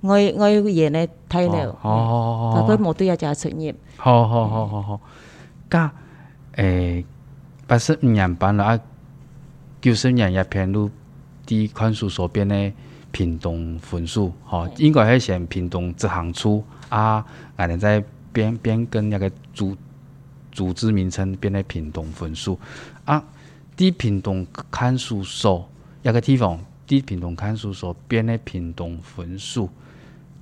我我嘢呢睇了，佢冇都要做出業。好好好好好，家誒八十五年班啊，九十年一篇都啲看守所變的屏東分署，嚇應該係先屏東執行處啊，然後再變變跟嗱個組組織名稱變的屏東分署啊，啲屏東看守所一個地方，啲屏東看守所變的屏東分署。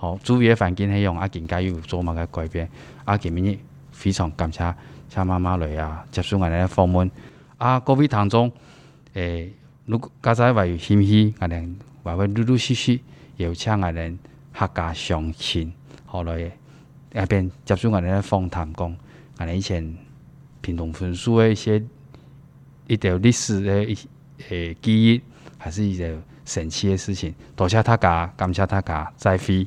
好住誒環境係用阿健、啊、家有做埋嘅改變，阿健呢非常感謝請媽媽來啊，接受我哋嘅訪問。阿各位堂眾，誒、欸，如果今次還有欣喜，我哋會會陸陸續續有請我哋客家鄉親，好來下邊接受我哋嘅訪談，講我哋以前屏東分署誒，一些一條歷史嘅誒記憶，還是一條神奇誒，事情。多謝大家，感謝大家再會。